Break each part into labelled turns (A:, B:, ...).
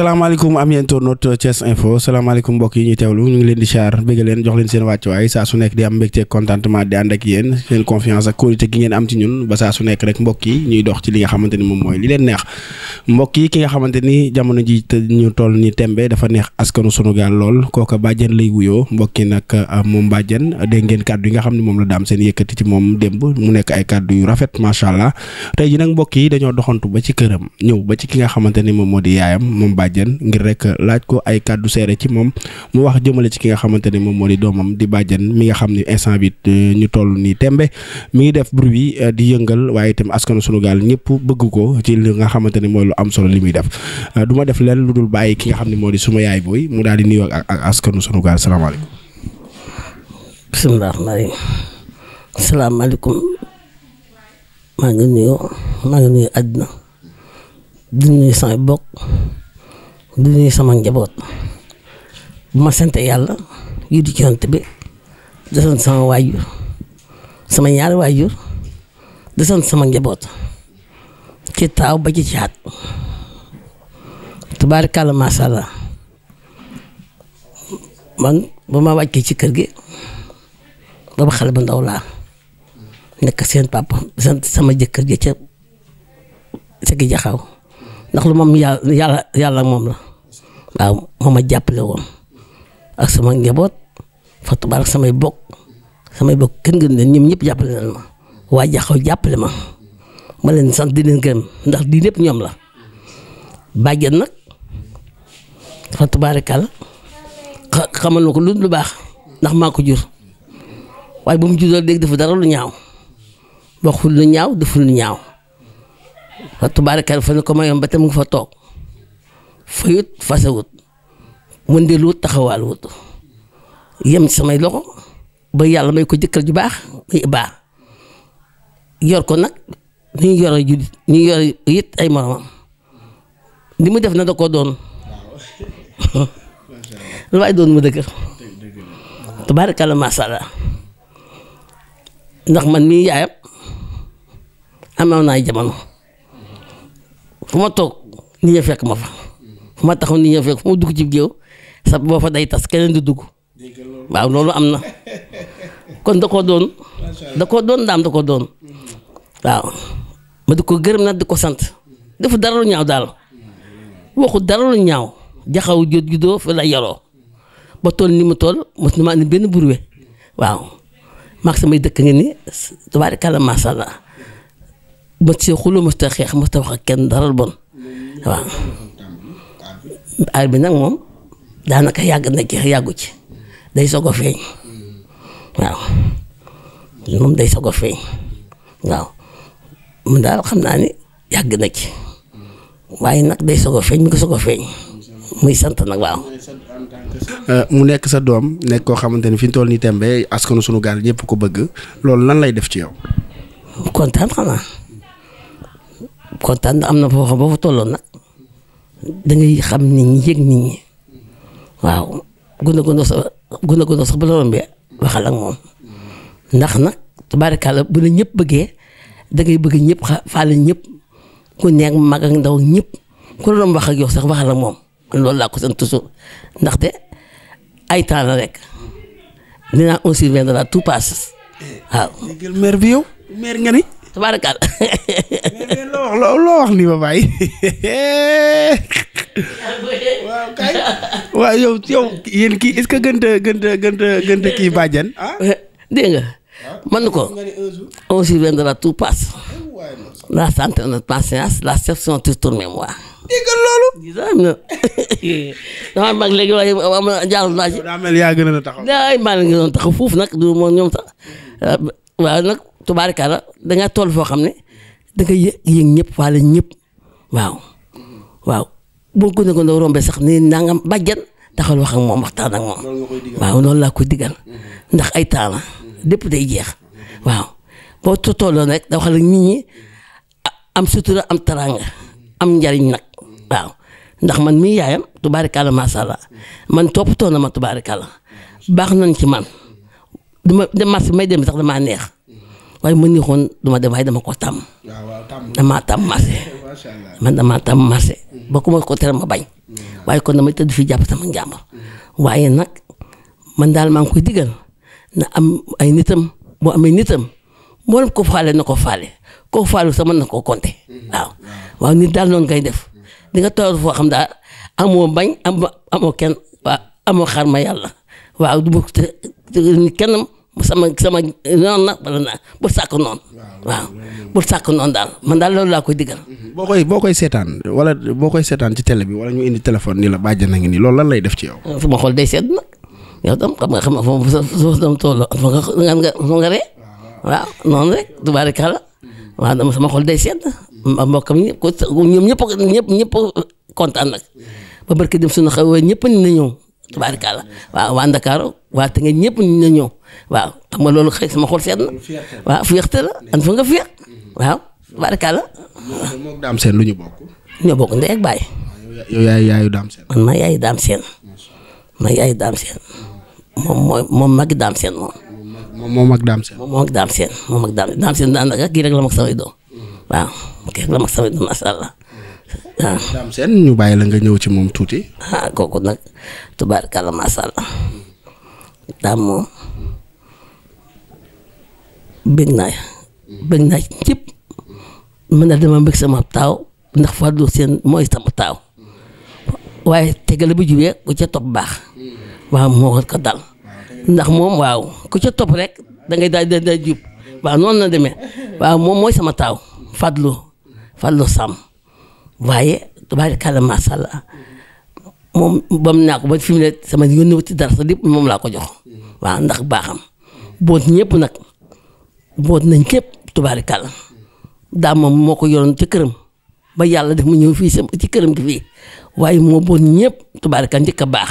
A: salaamaaleykum am yéen internaute Thiès Info salaamaaleykum yi ñuy teewlu ñu ngi leen di xaar bëgg leen jox leen seen wàccuwaay saa su nekk di am mbégte contentement di ànd ak yéen seen confiance ak qualité ngeen am ci ñun ba saa su nekk rek mbokk yi ñuy dox ci li nga xamante ni moom mooy li leen yi ki nga xamante ni jamono ji ñu toll ni tembe dafa neex askanu Sunugaal lool kooka bàjjen lay wuyoo mbokk yi nag ah, moom bàjjen dégg ngeen kàddu yi nga xam ne moom la daam seen yëkkati ci moom démb mu nekk ay kàddu yu rafet macha allah tey ji nag mbokk yi dañoo doxantu ba ci këram ñëw ba ci ki nga xamante moom moo di yaayam moom bàjjen ngir rek laaj ko ay kàddu seere ci moom mu wax jëmale ci ki nga xamante ne moom moo di doomam di bàjjen mi nga xam ni instant bi euh, ñu toll nii tembe mi ngi def bruit euh, di yëngal waaye itam askanu sunu gaal ñëpp bëgg ko ci li nga xamante ne mooy lu am solo li muy def euh, du ma def leen lu dul bàyyi ki nga xam ne moo di suma yaay booy mu daal di nuyoo ak ak askanu sunu gaal salaamaaleykum.
B: bisimilah Marie salaamaaleykum maa ngi nuyu maa ngi nuyu àdduna di nuyu sama bokk di nuyu sama njaboot bu ma sant yàlla yu di cont bi di sant sama waajur sama ñaari waajur di sant sama njaboot ci taaw ba ci caat tubaarikàlla macha allah man ba ma wàccee ci kër gi booba xale bu ndaw laa nekk seen papa di sama jëkkër gi ca ca jaxaw ndax lu moom yàlla yàlla moom la waaw moo ma jàppale woon ak sama njaboot fa tubaar ak samay bokk samay bokk kenn gën leen ñoom ñëpp jàppale nañ ma waa jaxaw jàppale ma ma leen sant di leen gërëm ndax di lépp ñoom la bàgget nag fa tubaarikàlla xamal na ko lu lu baax ndax maa ko jur waaye bu mu juddoo dégg dafa dara lu ñaaw waxul lu ñaaw deful lu ñaaw fa tubaarikàlla fa ne ko ma ba te mu ngi fa toog fayut fasawut wëndeeluwut taxawaaluwut yem ci samay loxo ba yàlla may ko jëkkër ju baax muy baax yor ko nag ni yor a ju ni ñu yore it ay moromam li mu def na da koo doon lu waay doon mu dëgg tabaarkalla macha ndax man mii yaayam amoon naa jamono fu ma toog ni ñu fekk ma fa fu ma taxaw nit ñi fekk fu ma dugg ci géew sab boo fa day tas keneen di dugg waaw loolu am na kon da koo doon koo doon daam da koo doon waaw ma di ko gërëm nag di ko sant defu daral ñaaw daal waxu dara lu ñaaw jaxaw jot juddoo fa la yaroo ba toll ni mu toll mos na maa ni benn burwe waaw maag samay dëkk nga ni tubaarikàlla macha allah ma see xuloo mos ta xeex mos ta wax ak kenn daral lu bon waaw aar bi nag moom daanaka yàgg na ci yàggu ci day soog a feeñ waaw moom day soog a feeñ waaw mun daal xam naa ni yàgg na ci waaye nag day soo a feeñ mi ko soog a feeñ muy sant nag waaw. Euh, mu nekk sa doom nekk koo xamante ni fi
A: ñu toll nii tembe askanu sunu gaal ñëpp ko bëgg loolu lan lay def ci yow. kontaan xanaa
B: kontaan am na foo xam boo fa tolloon nag. da ngay xam nit ñi yëg nit ñi waaw guna guna sax guna bu la rombee waxal ak moom ndax nag tubaarikàlla bu la ñëpp bëggee da ngay bëgg ñëpp faale ñëpp ku nekk mag ak ndaw ñëpp ku la doon wax ak yow sax waxal ak moom loolu laa ko sant toujours ndaxte ay temps la rek dinaa on surviendra tout passe eh, waaw. tabaarakaal. mais loo loo loo waaw yow yow yéen kii est-ce que gënta gënta gënta gënta kii bàjjan. ah nga. Ah? man ko on surviendra tout passe. Oh, la santé na patience la section toujours mémoire. dégg nga loolu. gis mag léegi waaye am na jaarul naa ci. daa mel yaa gën a taxaw. maa ngi nag du moom ñoom sax mm. waaw nag. tubaarikàlla dangaa toll foo xam ne danga yë yëg ñëpp wala ñëpp waaw waaw boo ko nekkoon doo rombee sax ni nangam bàjjan taxal wax ak moom waxtaan ak moom. waaw loolu laa ko digal. Mm-hmm. ndax ay temps dépp lépp day jeex. waaw boo tolloon rek da wax la nit ñi am sutura am taraanga am njariñ nag waaw ndax man mii yaayam tubaarikàlla macha allah man toppatoo na ma tubaarikàlla baax nañ ci man dama dem marché may dem sax damaa neex. waaye mën ni xoon duma def waaye dama ko tàmm ah, damaa tàmm marché man damaa tàmm marché mm. ba ku ma ko tere ma bañ mm. waaye kon damay fi fii jàpp sama njàmbur mm. waaye nag man daal maa ngi koy digal na am ay nitam boo amee nitam mboolem ko faale na ko faale ko faalu sa mën na koo konté waaw waaw ni daal noonu ngay def di nga toog foo xam daal amoo bañ am amoo kenn waaw amoo xar ma yàlla waaw du ma bu sama sama noonu na wala na bu sàkk noon waaw bu sàkk noonu daal man daal loolu laa koy digal.
A: Mhm. boo koy boo koy seetaan wala boo koy seetaan ci télé bi wala ñu
B: indi téléphone nii la bàjj na ngi nii loolu lan lay def ci yow. Ah, sama xol day sedd nag yow tam xam nga xam nga foofu tool fa nga nga nga ree waaw noonu rek tubaarikàlla mhm. waaw dama sama xol day sedd mhm. mbokkam ñëpp ñoom ñëpp ñëpp ñëpp kontaan nag ba barke dem suñu xew ñëpp ni na ñëw. tubaarikàlla waaw waa Ndakaaru waa te ngeen ñëpp ñu na ñëw waaw xam nga loolu xëy sama xol seet na waaw féexte la an fa nga féex mm-hmm. waaw tubaarikàlla moom daam seen lu ñu bokk ñoo bokk ndey ak baay yow yaay yaayu daam seen man ma yaayu daam seen ma yaayu daam seen moom mooy moom magi daam seen moom moom moom ak daam seen moom moom ak daam seen moom ak daam daam seen daanaka kii rek la mag samay doom mm-hmm. waaw kii rek la mag samay doom macha allah
A: waaw ah. ñu bàyyi la nga ñëw ci
B: moom tuuti. ah kooku nag tubaarkalla macha allah daam moom bëgg naa bëgg naa cëpp mën na dama bëgg sama taaw ndax Fadou Sène mooy sama taaw waaye tegale bu jubee ku ca topp baax waaw moo ko dal ndax moom waaw ku ca topp rekk da ngay daal jub waaw noonu la demee waaw moom mooy sama taaw Fadou Fadou Sam. waaye tubaarikàlla macha allah moom bam naa ko ba fi mu ne sama yónni ci dara sa lépp moom laa ko jox waaw ndax baaxam boot ñëpp nag boot nañ ñëpp tubaarikàlla daa moom moo ko yoroon ci këram ba yàlla def mu ñëw fii sama ci këram gi fii waaye moo boot ñëpp tubaarikàlla njëkk a baax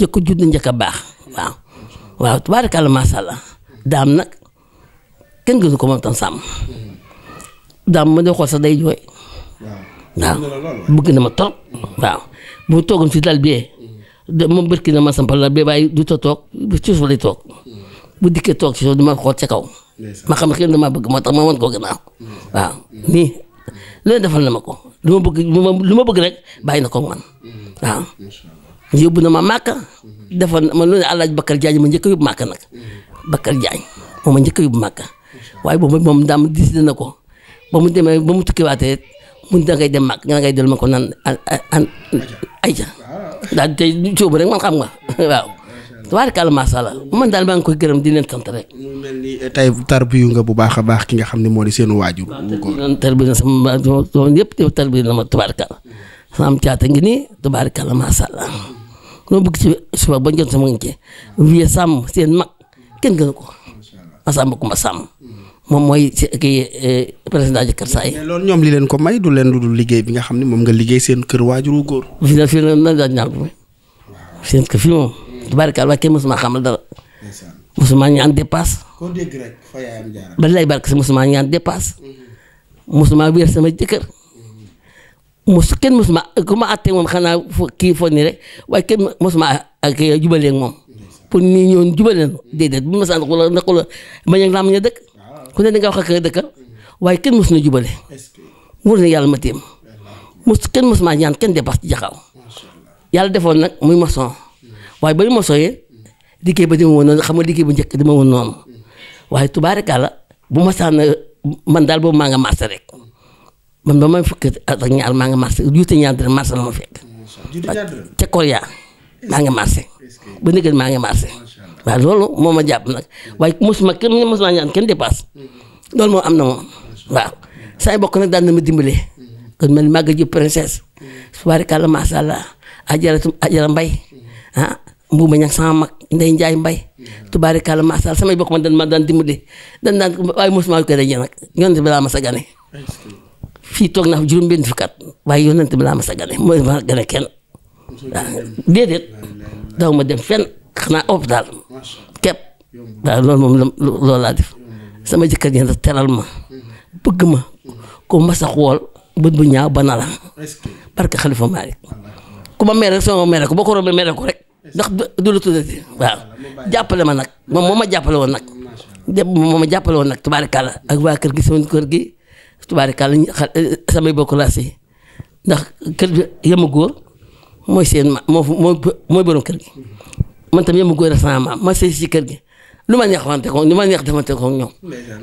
B: njëkk a judd njëkk a baax waaw waaw tubaarikàlla macha allah nag kenn gënu ko moom tam sàmm daam ma dee xool sax day jooy. waaw bëgg na ma trop waaw bu toog si dal bee moom bërki na ma sampal dal bee waaye du ta toog ci suuf toog hmm. bu dikkee toog ci suuf du ma xool ca kaw ma xam xëy damaa bëgg moo tax ma wan koo gannaaw hmm. waaw defal na ma ko lu ma bëgg lu ma bëgg rek bàyyi na ko man hmm. yóbbu na ma màkk defal ma lu ne Alaaji Bakar Jaañ ma njëkk a yóbbu màkk nag Bakar Jaañ moom ma njëkk a yóbbu màkk waaye boobu moom daam décidé na ko ba mu demee ba mu tukkiwaatee mun da ngay dem mag nga ngay del ma ko naan an ayca daal tey coob rek man xam nga waaw tabaarkalla macha man daal maa ngi koy gërëm di leen sant rek. mu mel ni eh,
A: tey tarbiyu nga bu baax a baax ki nga xam ne moo di seen waajur.
B: waaw tarbiyu na sama doom yëpp tarbiyu na ma tabaarkalla sama am caata ngi nii tabaarkalla macha allah loo bëgg ci suba ba jot sama ngi ci wiye sàmm seen mag kenn gënu ko ma sàmm ku ma sàmm. moom mooy si kii eh, président jëkkër sa ay
A: loolu ñoom li leen ko may du leen lu dul liggéey bi nga xam ne moom nga liggéey seen kër waajuru góor.
B: fi na fi na na daal ñaar bu seen kër fi moom. tubaarikaal waaye kenn mosuma xamal dara. mosuma ñaan dépasse. koo
A: dégg rek fa yaayam
B: jaar. mosuma sama jëkkër. mos kenn mosuma ku ma àttee moom xanaa fo kii fo nii rek waaye kenn mosuma ak jubalee ak moom. pour nii ñëw jubaleen déedéet bu ma sànni ku la nekkul ma ñu laam ñu dëkk. ku ne da nga wax ak dëkka waaye kenn mos na jubale wóor na yàlla ma téem mos kenn mos maa ñaan kenn dépasse ci jaxaw yàlla defoon nag muy maçon waaye ba ñu maçonee liggéey ba dama woon noonu xam nga liggéey bu njëkk dama woon noonu waaye tubaarikàlla bu ma man daal boobu maa nga marché rek man ba ma fukki at ak maa nga marché juute ñaar dërëm marché la ma fekk ca Korya maa ngi marché ba nëgën maa ngi marché waaw loolu moo ma jàpp nag waaye mosuma kenn mosuma ñaan kenn dépasse loolu moo am na moom waaw say bokk nag daan na ma dimbale kon man màgg ji princesse subaarikàlla macha allah ajaratu ajara mbay ah mbuuma ñag sama mag ndey njaay mbay tubaarikàlla macha allah samay bokk ma daan dimbale dan daan waaye ka ko daje nag yonent bi laa ma sa gane fii toog naa juróom benn fukkat waaye yonent bi laa ma gane mooy ma gane kenn déedéet daw ma dem fenn xanaa hôpital képp waaw loolu moom loolu laa def sama jëkkër ji nag teral ma bëgg ma ko masax wol xool bët bu ñaaw ba nala barke Xalifa Maalik ku ma mere sama mere ko boo ko rombee mere ko rek ndax du la tuddati waaw jàppale ma nag moom moo ma jàppale woon nag moo ma jàppale woon nag tubaarikàlla ak waa kër gi sama kër gi tubaarikàlla eh, samay bokk laa si ndax kër bi yema góor mooy seen ma moo moo mooy borom kër gi man tam yéen a góor a sama maam ma sëy si kër gi lu ma neex waxante ko lu ma neex defante ko ñoom.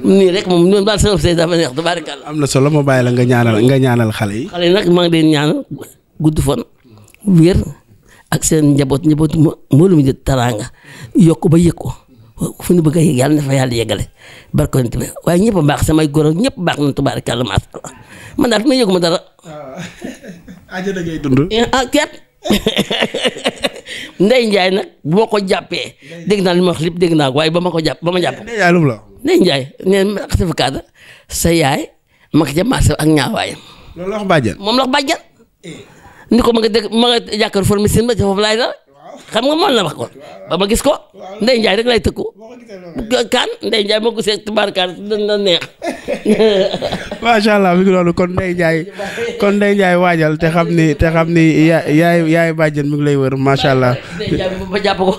B: nii rek moom ñoom daal sama sëy dafa neex tabaarkalla.
A: solo ma bàyyi la nga ñaanal nga ñaanal xale yi.
B: xale yi nag maa ngi leen ñaanal gudd fan wér ak seen njaboot njaboot mbooloo mi di taraanga yokk ba yëg ko fu ñu bëgg a yegg yàlla fa yàlla yeggale barko waaye ñëpp baax samay góor ak ñëpp baax na tabaarkalla macha allah man daal fi may ma dara. Eh, ah Ndeye njaay nag bu ma ko jàppee dégg naa li ma wax lépp dégg naa ko waaye ba ma ko jàpp ba ma jàpp. Ndeye Ndiaye lum la. Ndeye Ndiaye nee na certificat sa yaay ma ko jëm ak ñaawaayam. la wax bàjjen. moom la wax eh. ko ma nga dégg ma nga jàkkaarloo pharmacie ba xam nga moom la wax kon ma gis ko Ndeye Ndiaye rek lay tëkku. kan Ndeye Ndiaye ma ko gisee tubaarkaar neex.
A: macha allah mi ngi kon Ndeye Ndiaye kon Ndeye Ndiaye waajal te xam ni te xam ni yaay yaay bàjjen mu ngi lay wër macha allah. ba jàpp ko.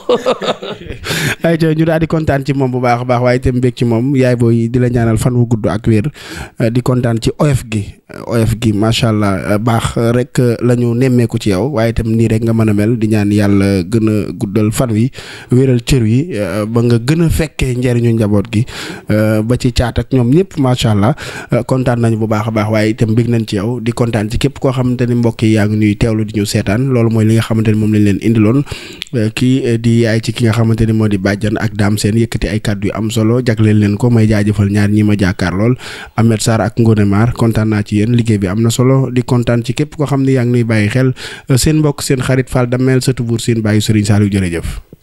A: ñu daal di kontaan ci moom bu baax a baax waaye itam mbég ci moom yaay booy di la ñaanal fan wu gudd ak wér di kontaan ci oyof gi. oyof gi macha allah euh, baax rek euh, la ñu nemmeeku ci yow waaye itam nii rek nga mën a mel di ñaan yàlla gën a guddal fan wi wéral cër yi euh, ba nga gën a fekkee njariñu njaboot gi ba ci caat ak ñoom ñëpp macha allah kontaan nañu bu baax a baax waaye itam bég nañ ci yow di kontaan ci képp koo xamante ni mbokk yi yaa ngi ñuy teewlu di ñu seetaan loolu mooy li nga xamante ni moom lañ leen indiloon kii di yaay ci ki nga xamante ni moo di bàjjan ak daam seen yëkkati ay kàddu yu am solo jagleel leen ko may jaajëfal ñaar ñi ma jaakaar ci yéen liggéey bi am na solo di kontaan ci képp koo xam ne yaa ngi nuy bàyyi xel seen mbokk seen xarit fal Damel sëtu Buur seen bàyyi Serigne Saliou jërëjëf